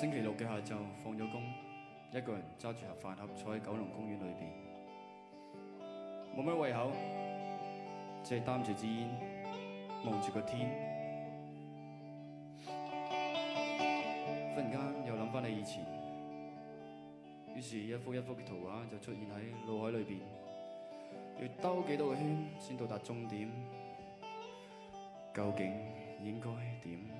星期六嘅下晝放咗工，一個人揸住盒飯盒坐喺九龍公園裏邊，冇咩胃口，只係擔住支煙望住個天。忽然間又諗翻你以前，於是，一幅一幅嘅圖畫就出現喺腦海裏邊，要兜幾多個圈先到達終點？究竟應該點？